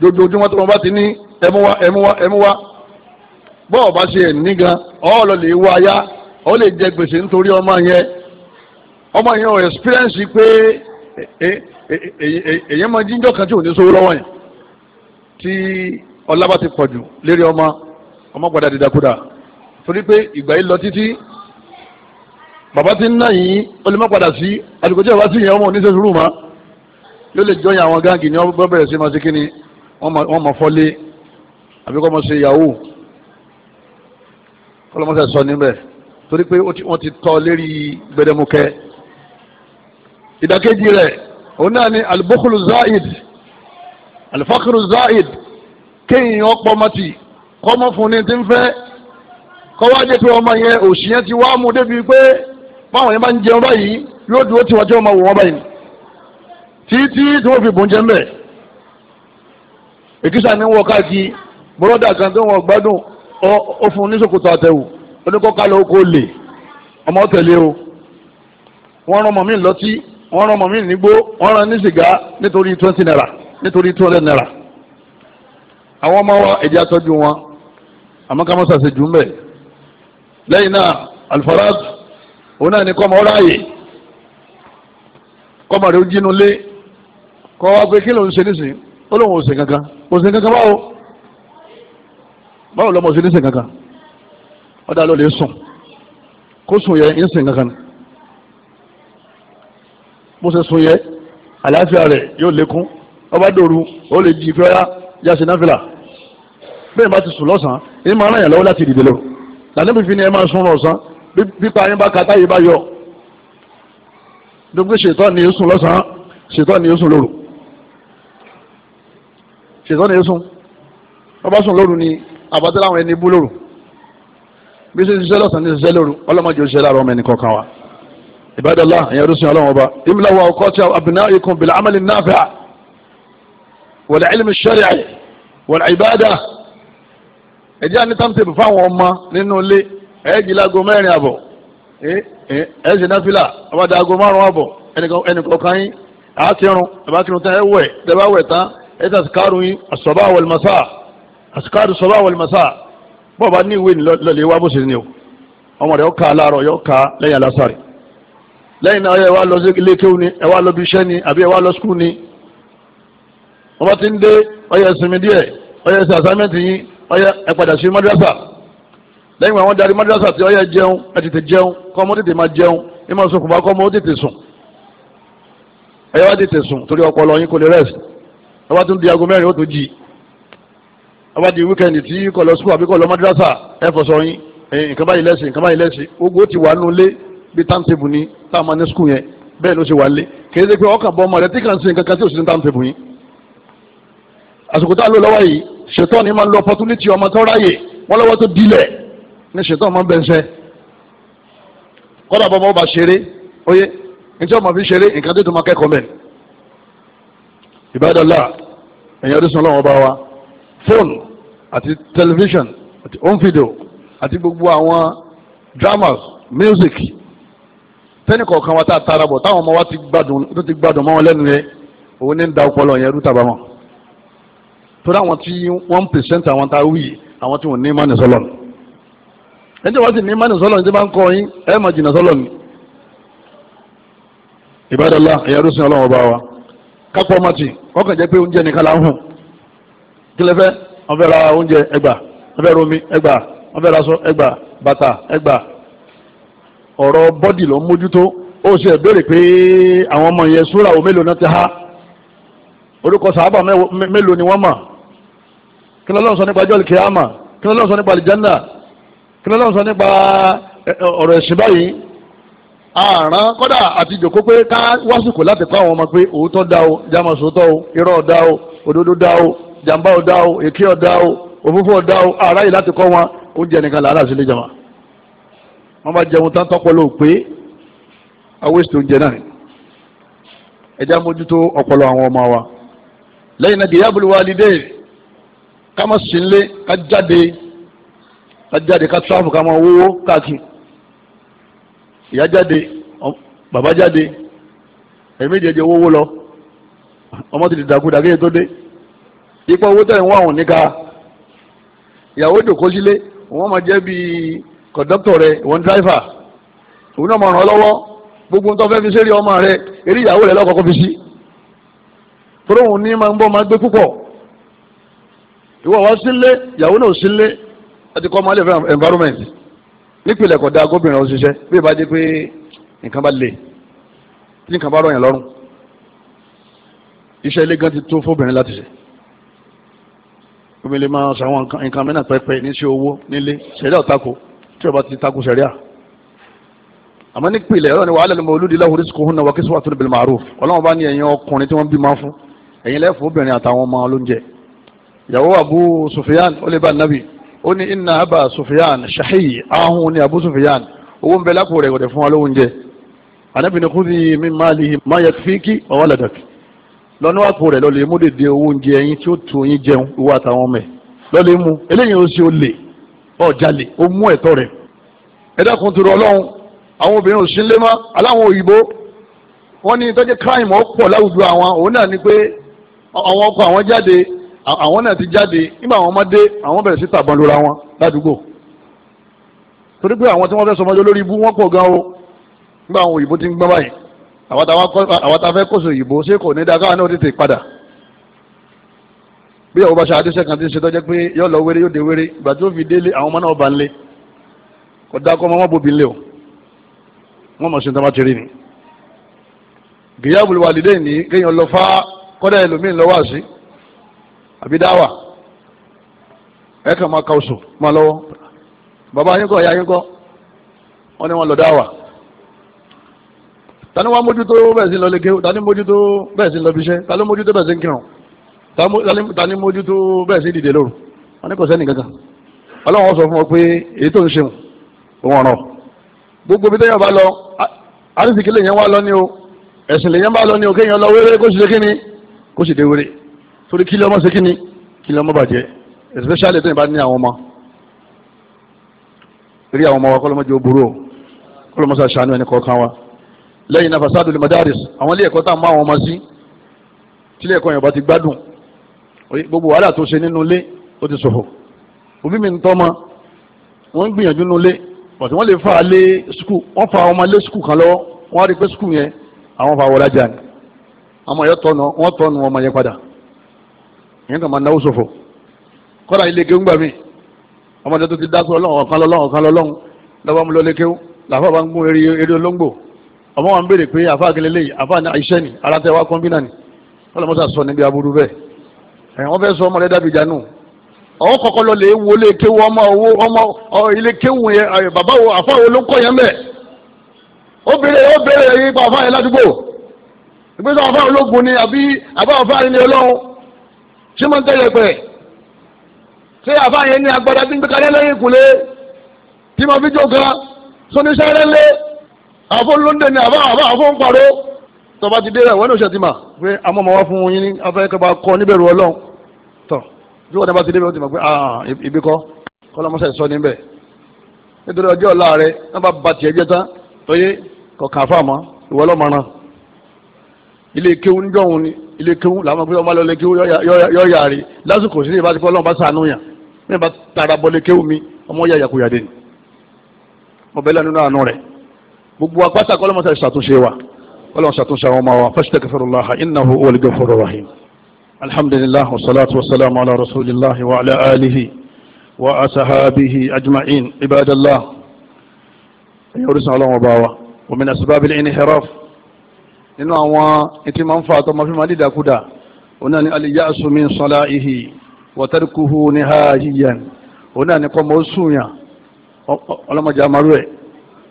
lójoojúmọ́ tó wọn bá ti ní ẹmú wa ẹmú bọ́ ọba ṣe ẹ̀ nígan ọ̀ọ́lọ lè wá aya ọ lè jẹ gbèsè nítorí ọmọ yẹn ọmọ yẹn ò experience pé èyàn máa jíjọ́ kan tí ò ní sówó lọ́wọ́ yẹn tí ọlábà ti pọ̀ jù lérí ọmọ ọmọ padà dídákúdà torí pé ìgbà yìí lọ títí bàbá ti ń ná yìí ó lè má padà sí àdìgbò tí bàbá sì yẹn ọmọ oníṣẹ́ sùúrù mọ́ yóò lè jọyìn àwọn gáàgì ní ọgbọ́n bẹ̀rẹ̀ sí máa ṣe kí ni wọ́n máa fọ́lé àbíkọ́ máa ṣe yahoo kọlọmọsẹ sọ níbẹ̀ torí pé wọ́n ti tọ́ lérí gbẹdẹmukẹ ìdàkejì rẹ̀ òun náà ni alibokulu zaid alifakuru zaid kéèyàn pọmọtì kọmọ fún ni ti ń fẹ́ kọwájẹ pé ọmọ yẹn òṣìyẹn ti wá mú débi pé báwọn yẹn bá ń jẹun báyìí yóò dúró tí wọ́n máa wò wọn báyìí títí tí wọ́n fi bùn jẹ mbẹ èkìsà ni wọ́n káàkiri bọlọdà kan tó wọ́n gbádùn ó fún nísòkòtò àtẹ̀wò oníkọ́kálẹ̀ oko lè ọmọ tẹ̀lé o wọ́n rán ọmọ mi lọ́tí wọ́n rán ọmọ mi nígbó wọ́n rán ní sìgá nítorí twenty naira nítorí two hundred naira àwọn ọmọ wa ẹ̀jẹ̀ àtọ́jú wọn àmọ́ ká mọ́ sàṣejù ń bẹ̀ lẹ́yìn náà alfaraj òun náà ní kọ́ ọmọ ọ ráàyè kọ́ ọmọ rẹ̀ ó jínú lé kọ́ wá pé kí ló ṣe nísìnyí ó lóun ò ṣe kankan kò ṣe kankan báwo báwo lọ́mọ sí ní sìn kankan ọ̀dà ló lè sùn kó sùn yẹ ń sìn kankan bó ṣe sùn yẹ àlàáfíà rẹ̀ yóò lékún ọba dòru ó lè jí fẹ́ra yàtì náfìlà bẹ́ẹ̀ bá ti sùn lọ́sàn-án èyí máa lọ́wọ́ láti dìde lọ lànàbí fi ni ẹ máa sùn lọ́sàn pípa yín bá kata yìí bá yọ dókítà ṣètọ́ ni yóò sùn lọ́sàn-án ṣètọ́ ni yóò sùn lóru ṣètọ́ ni yóò sùn ọba sùn lóru ni àbátẹ́ láwọn ẹni bú lóru bí ṣe ṣiṣẹ́ lọ́sàn ní ṣiṣẹ́ lóru ọlọ́mọdé ṣiṣẹ́ láàárọ̀ ọmọ ẹni kọ̀ọ̀kan wa ìbádọ́lá ẹ̀yẹ rúṣin ọlọ́run ọba ìmìláwọ̀ ọkọ̀ tí àbìnà ikùn bìlà amẹ́lì náàfẹ́ wal ilmi shari'i wal ìbádà ẹ̀jẹ̀ àní táǹtẹ̀bù fáwọn ọmọ nínú ilé ẹ̀ẹ́jì láago mẹ́rin àbọ̀ ẹ̀ẹ́sì náfìlà ọbàdà aago márùn àbọ̀ ẹnìkọ̀ọ̀kan yín àákírun ẹ̀bá tán ẹ̀wẹ̀ tẹ́bá wẹ̀ tán ẹ̀ẹ́sì kárùn yín àsọ̀bá wal masá àsìkáàdù sọlá wal masa bọ́ọ̀bá ní ìwé lọ́lẹ̀ wá bó ṣe ní o ọmọ rẹ̀ ó ka aláàrọ̀ yóò ka lẹ́yìn alásàrì lẹ́yìn náà ẹ lọ sí ilé kéwù ni ẹ wá lọ bí iṣẹ́ ni àbí ẹ wá lọ skul ni wọ́n bá ti ń dé ọyẹ sinmi díẹ̀ ọyẹ ṣe àsámẹ́ǹtì yín ọyẹ ẹ padà sí madrasa lẹ́yìn àwọn darí madrasa tí ọyẹ jẹun ẹ tètè jẹun kọ́ ọmọ tètè máa jẹun ẹ máa sọ kùbá kọ́ ọmọ tètè sùn ẹ wá tètè sùn torí ọpọlọ yín kò lè rest ẹ tún di aago mẹ́rin ó tó jí ọba di weekend tí kò lọ sùkúl àbí kò lọ madrasa ẹ fọ̀sọ̀ yín nǹkan báyìí lẹ́sìn nǹkan báyìí lẹ́sìn gbogbo ti wà nulẹ̀ bí táǹtẹ̀bù ni táwọn máa ní sùkúl yẹn bẹ́ẹ̀ ló ṣe wà lé kì í ṣe pé ọkàn bọ́ ọmọ rẹ tí kàn sí nǹkan kan tí ò sí ní táǹtẹ̀bù yín. àsìkò tá a lò lọ́wọ́ yìí ṣètọ́ ni máa ń lo opportunity ọmọ tó ráyè wọ́n lọ́wọ́ tó dilẹ̀ ní ṣètọ́ ọmọ bẹ́ẹ̀ ṣẹ́ kọ́dà bọ́ ìbádọ́lá ẹ̀yìn ọdún sọ bá wa fóònù àti television àti home video àti gbogbo àwọn dramas music tẹ́nì kọ̀ọ̀kan wa tá a tara bọ̀ táwọn ọmọ wa ti gbádùn tó ti gbádùn mọ́ wọn lẹ́nu yẹn òun ní da ọpọlọ yẹn rú tàbá wọn torí àwọn tí wọ́n ń pèsèǹt àwọn tá a wí àwọn tí wọ́n ní mánì sọ́lọ̀ ni ẹni tí wọ́n sì ní mánì sọ́lọ̀ ni tí bá ń kọ́ yín ẹ máa jìnnà sọ́lọ̀ ni ìbádọ́lá ìyàrá sìn ọlọ́run ọba wa kápọ̀ ọmọ tì ọkàn jẹ́ pé oúnjẹ nìkan là ń hùn kílẹ̀ fẹ́ wọ́n fẹ́ ra oúnjẹ ẹgbà wọ́n fẹ́ ra omi ẹgbà wọ́n fẹ́ ra aṣọ ẹgbà bàtà ẹgbà ọ̀rọ̀ bọ́dì ló ń mójútó ó sì ẹ̀ pé àwọn ọmọ yẹn súra o mélòó náà ti há orúkọ sàábà mélòó ni wọ́n mọ̀ kí lọ́lọ́run sọ nípa jọ́ọ̀lì kìámà kí lọ́lọ́run sọ nípa àlìjánà kí lọ́lọ́run sọ nípa ọ̀rọ̀ ẹ̀sìn báyìí àrán kọ́dà àti ìjòkó pé ká wásìkò láti kọ́ àwọn ọmọ pé òótọ́ dá o jámọ̀sótọ́ o irọ́ dá o òdodo dá o jàǹbá ọ̀dá o èké ọ̀dá o òfófó ọ̀dá o ara yìí láti kọ́ wọn oúnjẹ nìkan làárà sílé jàmá wọn bá jẹun tán tọpọlọ pé awéṣe oúnjẹ náà ni ẹjẹ amójútó ọpọlọ àwọn ọmọ wa lẹ́yìn náà dìyàbùlù wa lídé ká má sí nlé ká jáde ká jáde ká tíráfù ká má wówó káàkiri ìyá jáde bàbá jáde èmi jẹjẹ wówó lọ ọmọ ti dìdàkudà kéye tó dé ipò owó tẹ̀ ń wá òun níka ìyàwó jòkó sílé wọ́n máa jẹ́ bíi kọ̀dọ́tọ̀ rẹ̀ wọ́n dráìfà òun náà máa ràn ọ́ lọ́wọ́ gbogbo tó fẹ́ fi ṣeré ọmọ rẹ̀ eré ìyàwó rẹ̀ lọ́kọ̀ọ́kọ́ fi sí torí ní máa ń bọ́ máa gbé púpọ̀ ìwọ wá sílé ìyàwó náà sílé àti kọ́ máa lè fẹ́ environment nípìnlẹ̀ kọ̀dá gómìnà òṣìṣẹ́ bí ìbájẹ́ pé nǹkan bá le nǹkan bá rọ̀yàn lọ́rùn iṣẹ́ ilé gan ti tó fóbìnrin láti ṣe omi lè máa ṣàwọn nǹkan mìíràn pẹ́pẹ́ ní sí owó nílé ṣẹ̀ríà ọ̀tako tí ọba ti tako ṣẹ̀ríà àmọ́ ní pìlẹ̀ ọ̀rọ̀ ni wàhálà ni mo olùdí láhùrí sùkú hùnà wà kíṣùwà tó ní bil ma'ruf ọlọ́run bá ní ẹ̀yin ọkùnrin tí wọ́n bí máa fún ẹ̀yin lẹ́fọ̀ obìnrin àtàwọn ọmọ olóúnjẹ ìyàwó abu sufiyan ó lè bá nàbì ó ní inna aba sufiyan shahi ahun ni abu sufiyan owó ń bẹ lápò rẹ̀ kò fún wa lóúnjẹ ànábì ní khudhi min malihi ma yakfiki wa waladaki lọ́nà àpò rẹ̀ lọ́lẹ̀ mú dèdè owó oúnjẹ ẹyin tí ó tu oyin jẹun ìwọ àtàwọn ọmọ ẹ̀ lọ́lẹ̀ mú eléyìí ó ṣe olè ọ̀jalè ó mú ẹ̀tọ́ rẹ̀ ẹ tó rọ ọlọ́run àwọn obìnrin òsín lé mọ́ aláwọn òyìnbó wọ́n ní tọ́jú crime ọ̀pọ̀ láwùjọ àwọn òun náà ni pé àwọn ọkọ àwọn jáde àwọn náà ti jáde nígbà àwọn ọmọdé àwọn bẹ̀rẹ̀ sí tàbọn lóra wọn ládùúgbò torí pé àwọn tí wọ́n fẹ́ sọmọdé lórí ibú wọ́n pọ̀ gan o nígbà àwọn òyìnbó ti ń gbọ́n báyìí àwọn tá a fẹ́ kóso òyìnbó ṣé kò ní dáa káwọn náà tètè padà bí ọ̀rọ̀ bá ṣe àdéṣe kan ti ṣe tọ́jẹ́ pé yóò lọ wéré yóò dé wéré ìgbà tí ó fi délé àwọn ọmọ náà bá ń lé kò dáa kọ́ ọmọ wọn bóbi lé o wọn mọ̀ sí tó bá ti rí ni. gìyàbùlù wàlídé ní kéèyàn lọ fá kọ́dà ẹlòmíín lọ́wọ́ àṣì àbí dáwà ẹ máa ka oṣù máa lọ́wọ́ bàbá yín ìyá yín kọ́ wọ́n wọn lọ dáwà tani wàá mójútó bẹ́ẹ̀ sí lọ lé tani mójútó bẹ́ẹ̀ sí lọ bíṣẹ́ tani mójútó bẹ́ẹ̀ sí ń kírun tani mójútó bẹ́ẹ̀ sí dìde lóru wọn ní kò sẹ́ni kankan ọlọ́run sọ fún ọ pé èyí tó ń ṣeun òun ọ̀ràn gbogbo bí téèyàn bá lọ àrísìkí lèyàn wá lọ ní o ẹ̀sìn lèyàn bá lọ ni o kéèyàn lọ wéré kó sì ṣe kíni kó sì dé wéré torí kí lọ́mọ ṣe kíni kí lọ́mọ bàjẹ́ especially tó yìnbá ní àwọn ọmọ rí àwọn ọmọ wa kọ́lọ́mọ jẹ́ ó burú o kọ́lọ́mọ sàṣàánú ẹni kọ̀ọ̀kan wa lẹ́yìn náà fasadul madaris àwọn ilé ẹ̀kọ́ tá a máa wọn ọmọ sí tílé ẹ̀kọ́ yẹn bá ti gbádùn gbogbo wàhálà tó ṣe nínú ilé ó ti ṣòfò òbí mi ń tọ́ ma wọ́n ń gbìyànjú nínú ilé pàtó wọ́n lè fa alé skul wọ́n fa ọmọ alé skul kan lọ́wọ́ wọ́n á rí pé skul yẹn àwọn fa wọlé ajá ni ọmọ yẹn tọ́nu wọ́n tọ́nu ọmọ yẹn padà yẹn kàn máa náwó ṣòfò kọ́ra ilé kéwù gbà mí ọmọdé tó ti dá sọ ọlọ́run ọ̀kan lọ́lọ́run ọ̀kan lọ́lọ́run lọ́wọ́ mu lọ kéwù làfọ̀ bá ń gún eré olóńgbò ọmọ wa ń béèrè pé àfa àkẹlẹ lẹ́yìn àfa ní àìṣẹ́ ni ara tẹ wá kọ́ńbínà ni ọlọ́mọṣà sọ níbi aburú bẹ́ẹ̀ ẹ̀yìn wọ́n fẹ́ sọ ọmọ rẹ dàbí ìjà nù ọwọ́ kọ́kọ́ lọ lè wo ilé kéwu ọmọ owó ọmọ ilé kéwu yẹn bàbá wo àfa wo ló ń kọ́ yẹn bẹ́ẹ̀ ó béèrè ó béèrè yìí pa àfa yẹn ládùúgbò ìgbésẹ̀ àfa ológun ni àbí àbá àfa yẹn ni ọlọ́run ṣé máa ń tẹ̀lé pẹ̀ ṣé àfa yẹn ni agbada tí ń gbé kalẹ́ lẹ́yìn ìkùlé tí máa fi jó kan sóníṣẹ́ rẹ̀ lé àfọ́n ló ni dẹ̀ ní àbá àbá àfọ́n parọ́ tọba ti dé rẹ̀ wọ́n ní oṣù tìmà pé amọ́mọ́ wá fún yín ní afẹ́kẹ́bà kọ́ níbẹ̀rù ọlọ́run tọ̀ bí wọ́n bá ti dé bẹ̀rù tìmà pé ah, ibi kọ́ kọ́lọ́mọṣẹ́ sọ níbẹ̀ nítorí ọjọ́ ọ̀la rẹ̀ wọ́n bá ba tiẹ̀ jẹ́ tán oyé kọ̀ọ̀kan fáàmọ́ ìwọ lọ́mọràn ilé kéwú níjọ́ òun ni ilé kéwú làwọn pé ọmọ lọlé kéwú yọ yàrí lásìkò sí ní ìbá ti fọ́ ọlọ́run sànú yàn ní ìbá tara bọ́lé kéwú mi ọmọ yà yàkuyà dé ni ọbẹ̀ lẹ́nu náà nù rẹ̀ gbogbo agbata kọlọmọta ṣàtúnṣe wa kọlọmọ ṣàtúnṣe àwọn ọmọ wa fastaghfirullaha innahu huwal ghafurur rahim alhamdulillah wasalaatu wasalaamu ala rasulillahi wa ala alihi wa asahabihi ajma'in ibadallah ẹyẹ orísun ọlọ́wọ́n bá wa omin asibabil inhiraf nínú àwọn etí máa ń fa àtọ́ mọ́fí máa dídàkúdà òun náà ni al-ya'su min sala'ihi wa tarkuhu nihahiyan òun náà ni kọ́ mọ́ sùn yàn ọlọ́mọdé amaru ẹ̀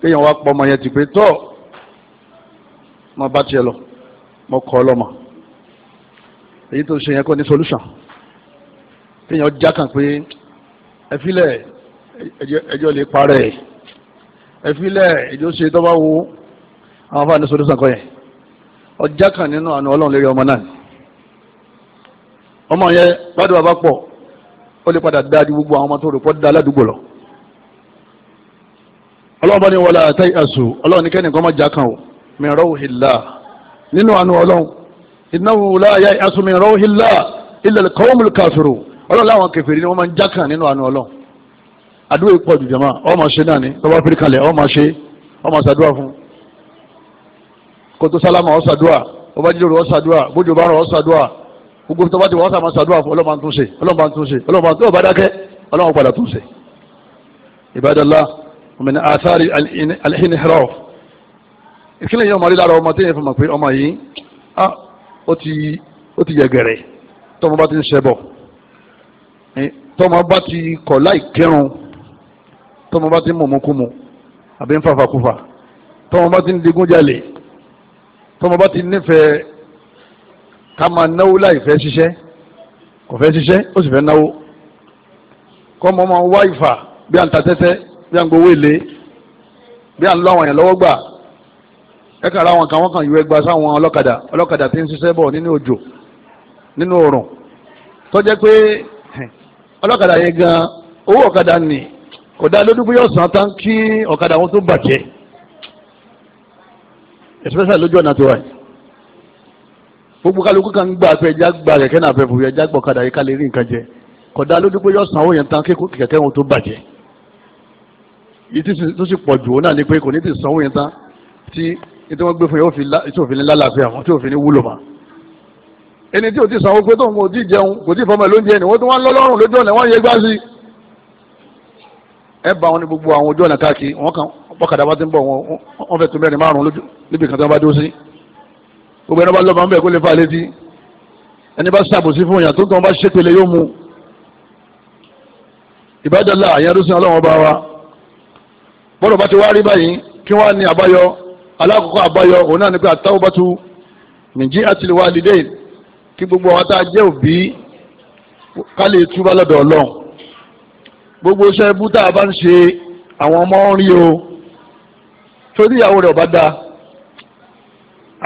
kéèyàn wá pọ̀ ọmọ yẹn ti pé tọ́ mo bá tiẹ̀ lọ mo kọ́ ọlọ́mọ èyí tó ṣe yẹn kọ́ ní solution kéèyàn já kan pé ẹfilẹ̀ ẹjọ́ lè parẹ́ ẹfilẹ̀ ẹjọ́ ṣe tọ́ bá wo àwọn afáàní solution kọ́ yẹn ọjà kan nínú àná ọlọ́run lérí ọmọ náà ọmọ yẹn gbádùn àbápọ̀ ó lè padà dá ju gbogbo àwọn ọmọ tó rò pọ́ dá aládùúgbò lọ ọlọ́run bá ní wọlé àtẹ ẹ̀sùn ọlọ́run ní kẹ́nìkan má jákàn o mi rọ́ọ̀hìlá nínú àánú ọlọ́run innahu la ya'asu min rauhillah illa al-qawmul kafirun ọlọ́run láwọn kèfèrí ni wọ́n máa ń jákàn nínú àánú ọlọ́run àdúrà ìpọ̀ jùjọ́mọ́ ọ máa ṣe náà ni tọ́ba fi kalẹ̀ ọ máa ṣe ọ máa ṣàdúrà fún min asari al-inhiraf ìkíni yẹn ọmọ rí lára ọmọ tí yẹn fi mọ̀ pé ọmọ yìí ah ó ti ó ti yẹgẹrẹ tọmọ bá ti ń ṣẹbọ tọmọ bá ti kọ̀ láì kírun tọmọ bá ti ń mọ̀mọ́kúmu àbí ń fàfàkúfà tọmọ bá ti ń digunjalè tọmọ bá ti nífẹ̀ẹ́ ká máa náwó láì fẹ́ bí à ń gbowó èlé bí à ń lọ àwọn èèyàn lọ́wọ́ gbà ẹ kàrà àwọn kan wọ́n kàn yíwẹ́ gba sáwọn ọlọ́kadà ọlọ́kadà tí ń ṣiṣẹ́ bọ̀ nínú òjò nínú òrùn tó jẹ́ pé ọlọ́kadà yẹn gan owó ọ̀kadà nì kò dá lójú bóyá ọ̀sán tán kí ọ̀kadà wọn tó bàjẹ́ especially lójú ọ̀nà tiwa yìí gbogbo kálukú kan gbà pé ẹja gba kẹ̀kẹ́ náà fẹ́ fún ẹja gbọ̀kadà yìí ká lè rí nǹkan jẹ kò dá lójú bóyá ọ̀sán owó yẹn tán kí kẹ̀kẹ́ wọn tó bàjẹ́ yìí tó sì pọ̀ jù ó náà ni pé kò ní ti sanwó yẹn tán tí tí wọ́n gbé fún yẹn tí òfin ní lálàáfíà wọn tí òfin ní wúlò mọ́ ẹni tí ò ti sanwó pé tóun kò tí ì jẹun kò tí ì fọmọ ẹ lóúnjẹ ni wọ́n tún wá ń lọ lọ́rùn lójú ọ̀nà wọ́n yẹ gbá sí i ẹ bá wọn ní gbogbo àwọn ojú ọ̀nà káàkiri wọn kan ọ̀kadà bá ti ń bọ̀ wọn wọn fẹ́ tó mẹ́rin márùn lójú níbi kan tí wọ́n bá dó sí gbogbo ẹni bá lọ́ọ́ mu ìbádọ́lá àyẹ̀rúsìn ọlọ́wọ́n bá bọ́dọ̀ bá ti wá rí báyìí kí wọ́n á ní àbáyọ alákọ̀ọ́kọ́ àbáyọ òun náà ni pé àtàwọ́bátú nìjí àti lè wá dìde kí gbogbo àwọn tá a jẹ́ òbí ká lè túbá lọ́dọ̀ ọlọ́run gbogbo iṣẹ́ ibú tá a bá ń ṣe àwọn ọmọ ń rí o torí ìyàwó rẹ̀ ọba da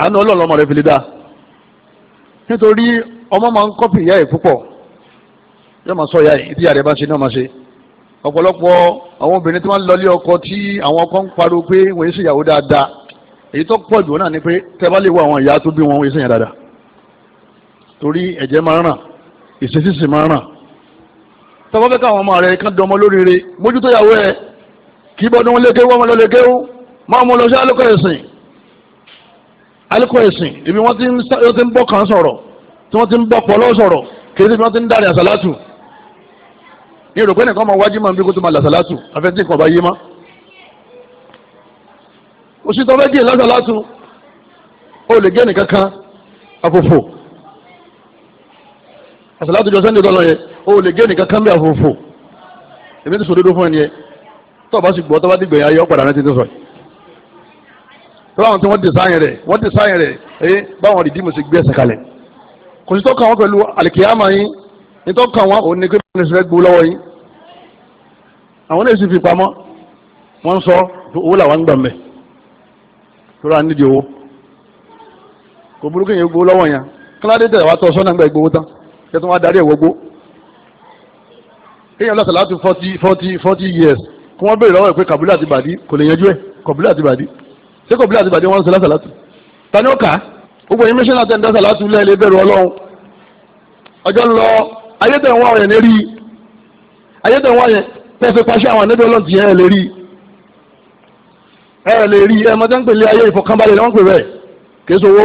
àánú ọlọ́run ọmọ rẹ̀ fi lè da nítorí ọmọ máa ń kọ́pì ìyá ẹ̀ púpọ̀ yóò máa sọ ìyá ẹ̀ ìdí rẹ̀ bá ń ṣe náà máa ṣe ọ̀pọ̀lọpọ̀ àwọn obìnrin tí wọ́n lọlé ọkọ tí àwọn ọkọ ń pariwo pé wọ́n yé ṣèyàwó dáadáa èyí tó pọ̀ jù náà ni pé tẹ́ bá lè wo àwọn ìyá tó bí wọn wọ́n yé ṣèyàn dáadáa torí ẹ̀jẹ̀ máa ń ràn ìṣesíṣe lọ sí alẹ́kọ̀ọ́ ẹ̀sìn alẹ́kọ̀ọ́ ẹ̀sìn ibi wọ́n ti ń bọ́ kan sọ̀rọ̀ tí wọ́n ti ń bọ́ pọ̀ lọ́ sọ̀rọ̀ kì í ti ń darí àṣàlátù ní ìròpé nìkan máa wájú máa ń bí kó tó máa làṣàlátù àfẹsí nǹkan ọba yé má. oṣù tó fẹ́ jẹ́ làṣàlátù ó lè jẹ́ nìkan kan àfòfò àṣàlátù jọ sẹ́ńdì dọ́lọ́ yẹ ó lè jẹ́ nìkan kan bí àfòfò èmi ti sòdodo fún ẹni yẹ tó o bá sì gbọ́ tó bá dìgbò yẹn ayé ọ̀padà rẹ ti ti sọ tó báwọn tí wọ́n design rẹ̀ wọ́n design rẹ̀ ẹ báwọn rìdíìmù sì gbé ní sọ fẹ́ gbowó lọ́wọ́ yìí àwọn náà sì fi pamọ́ wọ́n ń sọ owó làwọn ń gbọ̀n bẹ̀ lórí àwọn nídìí owó kò burúkú yẹn gbowó lọ́wọ́ yẹn kíládé tẹ̀ wá tọ́ sọ́nà gbà gbowó tán kí wọ́n darí ẹ̀ wọ́gbó kéèyàn lọ́sọ̀ láti forty forty forty years kí wọ́n béèrè lọ́wọ́ ẹ̀ pé kàbúlà àti bàdí kò lè yanjú ẹ̀ kàbúlà àti bàdí ṣé kàbúlà àti bàdí wọ́n ń sọ lọ́sọ̀ láti tani ó kà á gbogbo yín mísínà tẹ̀ ń dọ́sọ̀ láti lẹ́ẹ̀lẹ́ bẹ̀rù ọlọ́run ọjọ́ lọ ayédèrè wọn yẹn lérí ayédèrè wọn yẹn tẹ̀sí pàṣẹ àwọn ànábì ọlọ́run ti yẹn ẹ̀ lérí ẹ̀ lérí ẹ̀ mọ́tẹ́ ń pèlè ayé ìfọkànbalẹ̀ ni wọ́n pè bẹ́ẹ̀ kì í sowó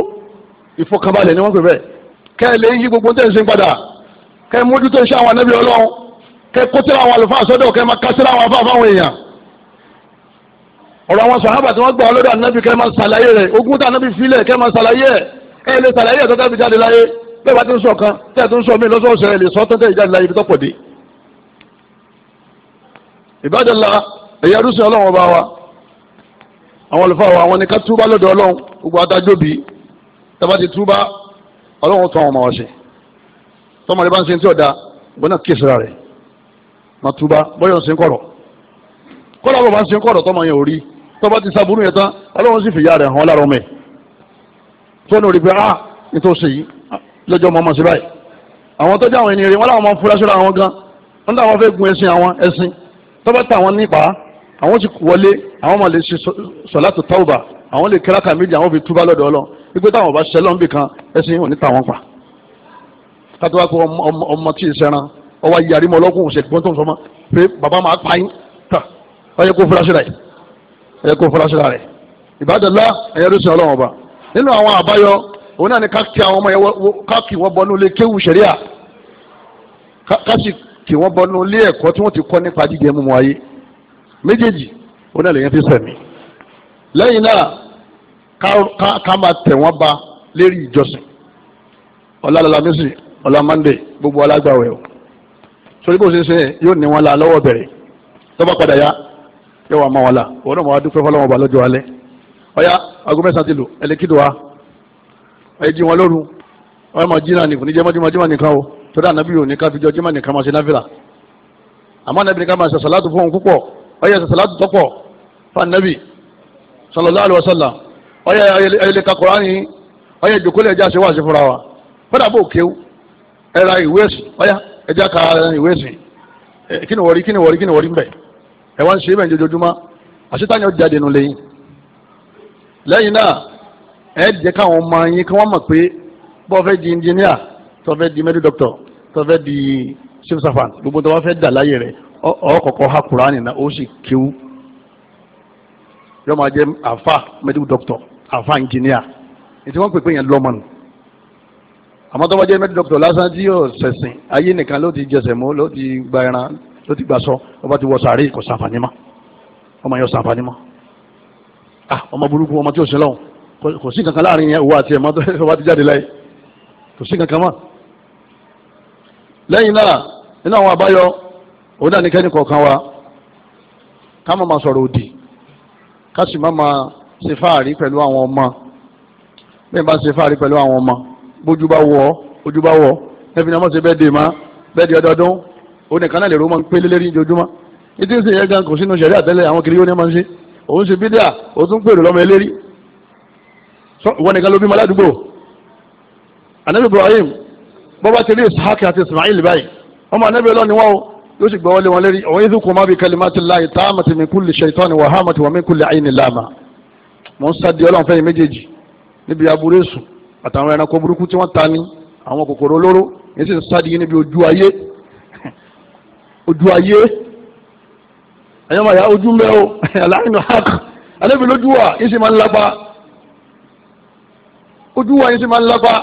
ìfọkànbalẹ̀ ni wọ́n pè bẹ́ẹ̀ kẹ́ ẹ̀ lè yí gbogbo tẹ̀ ń ṣe padà kẹ́ ẹ̀ mójútó iṣẹ́ àwọn ànábì ọlọ́run kẹ́ ẹ̀ kótẹ́rẹ́ àwọn àlùfáà sọ́dọ̀ kẹ́ ẹ̀ máa kásẹ́rẹ́ àwọn afáfá àwọn èèyàn ọ̀rọ̀ àwọn sàhábà tí wọ́n gbà ọlọ́dọ̀ ànábì kẹ́ ẹ̀ máa ṣàlàyé rẹ̀ ogún tá ànábì filẹ̀ kẹ́ ẹ̀ máa ṣàlàyé ẹ̀ ẹ̀ lè ṣàlàyé ẹ̀ tó tẹ́ fi bẹ́ẹ̀ bá ti ń sọ kan tí a ti ń sọ mí lọ́sọ̀ọ̀sẹ̀ rẹ̀ lè sọ tọ́tẹ́ ìjà ńlá ibi tọ́pọ̀ dé. ìbádọ́lá ẹ̀yà rúṣin ọlọ́run ọba wa àwọn olùfọ́ wa àwọn ni ká túbá lọ́dọ̀ ọlọ́run gbogbo adájọ́ bí tá bá ti túbá ọlọ́run tó àwọn ọmọ wa ṣe tọ́mọ rẹ bá ń ṣe tí ọ̀dà ìbọn náà kíyèsára rẹ̀ má túbá bọ́yọ̀ ń ṣe kọ̀rọ̀ kọ́lá bọ̀ bá ń ṣe kọ̀rọ̀ tọ́mọ yẹn ò rí tọ́ba ti sàbúrú yẹn tán ọlọ́run sì fìyà rẹ̀ hàn lára ọmọ ẹ̀ ah, tó lọ́jọ́ mọ́mọ́ sí báyìí àwọn tó jẹ́ àwọn ènìyàn wọn làwọn máa ń fura síra àwọn gan wọn làwọn fẹ́ gun ẹṣin àwọn ẹṣin tó bá ta àwọn nípa àwọn ti wọlé àwọn máa lè ṣe sọ̀látù tàwùbà àwọn lè kíráka méjì àwọn fi túbá lọ́dọ̀ ọlọ́ wípé táwọn bá ṣẹlẹ̀ ń bì kan ẹṣin ò ní ta wọn pa kátó wá pé ọmọ tí ì sẹ́ran ọwọ́ yarí mọ́ ọlọ́kùn òṣèlú gbọ́n tó ń sọ mọ́ pé bàbá máa pa yín tà ọyẹ kó fura òun náà ni ká kí àwọn ọmọ yẹn ká kí wọ́n bọnú ilé kéwù sẹ̀ríà ká sì kí wọ́n bọnú ilé ẹ̀kọ́ tí wọ́n ti kọ́ nípa jíjẹ mímu ayé méjèèjì òun náà lèyàn fi sẹ̀mí lẹ́yìn náà ká máa tẹ̀ wọ́n ba lérí ìjọsìn ọ̀làlàlà mẹ́sì ọ̀làmàndé gbogbo alágbàwẹ̀ o torí bó ṣe ṣe yóò ní wọn la lọ́wọ́ bẹ̀rẹ̀ tọ́ba padà ya yóò wà máa wọn la òun náà máa dúpẹ́ fọlọ́wọn ọba lọ́jọ́ alẹ́ ọ̀ya agunmẹ́sàn ti lù ẹlẹ́kìdùwà Eji jí wọn lóru ọ̀rẹ́ máa jí náà nìkan níjẹ́ mọ́júmọ́ jimá nìkan o torí ànábì ò ní ká fi jọ jimá nìkan na ṣe náfìlà ma ànábì nìkan ma ṣe sàlátù fún òun púpọ̀ ó ṣe sàlátù tọ́pọ̀ fún ànábì sallallahu alaihi wasallam ó ayẹlẹ fúnra wa fọdà bò ìwé ka ìwé ẹ̀sìn kí ni wọ̀rí kí ni ṣe ẹ jẹ́ káwọn ọmọ yín kí wọ́n mọ̀ pé bọ́ọ̀ fẹ́ di engineer tó fẹ́ di medical doctor tó fẹ́ di civil servant gbogbo tó bá fẹ́ dà láyé rẹ̀ ọ̀ ha kùránì náà ó sì kíw yọ́ọ́ máa jẹ́ àfa medical doctor àfa engineer ètò wọn pè pé yẹn lọ́mọ nù àmọ́ tó bá jẹ́ medical doctor lásán tí yóò ṣẹ̀sìn ayé nìkan ló ti jẹsẹ̀ mọ́ ló ti gba ẹran ló ti gbà sọ ó bá ti wọ sàárè kò sàǹfààní mọ́ ọmọ yẹn sàǹfààní mọ́ ah ọmọ burúkú ọmọ tí ò kò sí kankan láàrin yẹn òwò àti ẹ̀mọ́ tó wá ti jáde láyé kò sí kankan mọ́ lẹ́yìn náà nínú àwọn àbáyọ òun náà ní kẹ́ni kọ̀ọ̀kan wa ká má máa sọ̀rọ̀ òdì ká sì má máa ṣe fáàrí pẹ̀lú àwọn ọmọ bẹ́ẹ̀ bá ṣe fáàrí pẹ̀lú àwọn ọmọ bójú bá wọ̀ ojú bá wọ̀ ẹ̀fìn náà mọ̀ ṣe bẹ́ẹ̀ dè má bẹ́ẹ̀ di ọdọọdún òun náà lè ró máa ń pélé lérí ìjojúmọ́ ìdí ìsìn yẹn gan kò sínú ṣẹ̀rí àtẹ́lẹ̀ àwọn kiri yóò ní máa ń ṣe òun ṣe bídíà òun tún pèrò lọ́mọ eléri ìwọ nìkan ló bí maládùúgbò anabi ibrahim bọ́bá ti rí ishaq àti ismail báyìí ọmọ anabi ọlọ́ni wọn o yóò sì gbọ́wọ́lé wọn lérí ọ̀wọ́n yìí kò má bi kalimati llahi taamati min kulli shaytani wa hamati wa min kulli ayni lama mọ̀ ń sáde ọlọ́run fẹ́yìn méjèèjì níbi aburú èṣù àtàwọn ẹranko burúkú tí wọ́n ta ni àwọn kòkòrò olóró yìí sì ń sáde níbi ojú ayé ojú ayé ẹ̀yọ́ màá yá ojú mẹ́ o aláìní hàk alẹ́bi lójú wa yìí sì máa ń lápá ojú wa yín sì máa ń lápá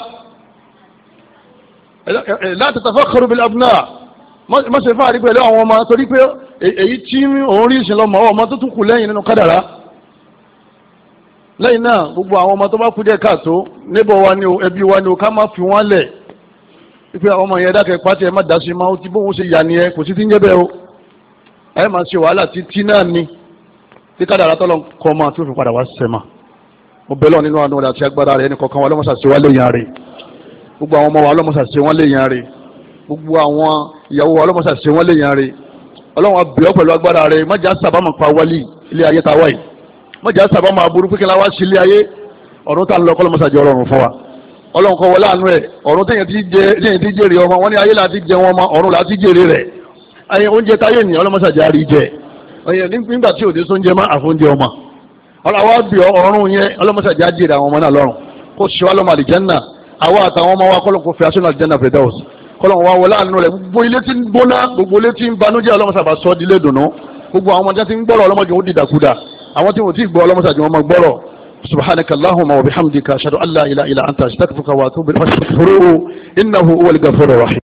láti tafakharu bil abna má ṣe fáàrí pẹ̀lú àwọn ọmọ torí pé e, èyí tí òun rí ìsìn lọ́mọ ọmọ tó tún kù lẹ́yìn nínú kádàrá lẹ́yìn náà gbogbo àwọn ọmọ tó bá kú díẹ̀ káàtó níbọ̀ wa ni o ẹbí wa ni o ká má fi wọ́n lẹ̀ ipe àwọn ọmọ yẹn dákẹ́ pátí ẹ má dá sí i ó ti bóun ṣe yà ni ẹ kò sí ti ń jẹ́ bẹ́ẹ̀ o ẹ má ṣe wàhálà títí náà ni tí kádàrá tọ́lọ̀ kọ́ ọmọ tó fi padà wá sẹ́mà mo bẹ̀ lọ́wọ́ nínú àánú rẹ̀ àti agbára rẹ̀ ẹnì kọ̀ọ̀kan wa lọ́mọ́sàsì wa léèyàn rẹ̀ gbogbo àwọn ọmọ wa lọ́mọ́sàsì wọn léèyàn rẹ̀ gbogbo àwọn ìyàwó wa lọ́mọ́sàsì wọn léèyàn rẹ̀ ọlọ́run abẹ́ọ́ pẹ̀lú agbára rẹ̀ má jà sábà máa pa wálé ilé ayé ta wáyé má jà sábà máa burú pé kíláwá sí ilé ayé ọ̀run tá a lọ kọ́ lọ́mọ́sàjì ọlọ́run fún wa ọlọ́run kọ́ wọlé àánú rẹ̀ ọ̀run téèyàn ti jèrè ọmọ wọn ní ayé ọlọ́wọ́ bí ọ̀run yẹn ọlọ́mọṣàjà jèrè àwọn ọmọ náà lọ́rùn kó ṣe wá lọ́mọ àlìjánná àwa àtàwọn ọmọ wa kọ́lọ́n kò fi aṣọ náà àlìjánná fẹ́ dáwọ́s kọ́lọ́n wa wọlé àánú rẹ̀ gbogbo ilé tí ń gbóná gbogbo ilé tí ń banújẹ́ ọlọ́mọṣàbà sọ dílé dùnú gbogbo àwọn ọmọdé tí ń gbọ́rọ̀ سبحانك اللهم وبحمدك أشهد أن لا إله إلا أنت أستغفرك وأتوب إنه هو الغفور الرحيم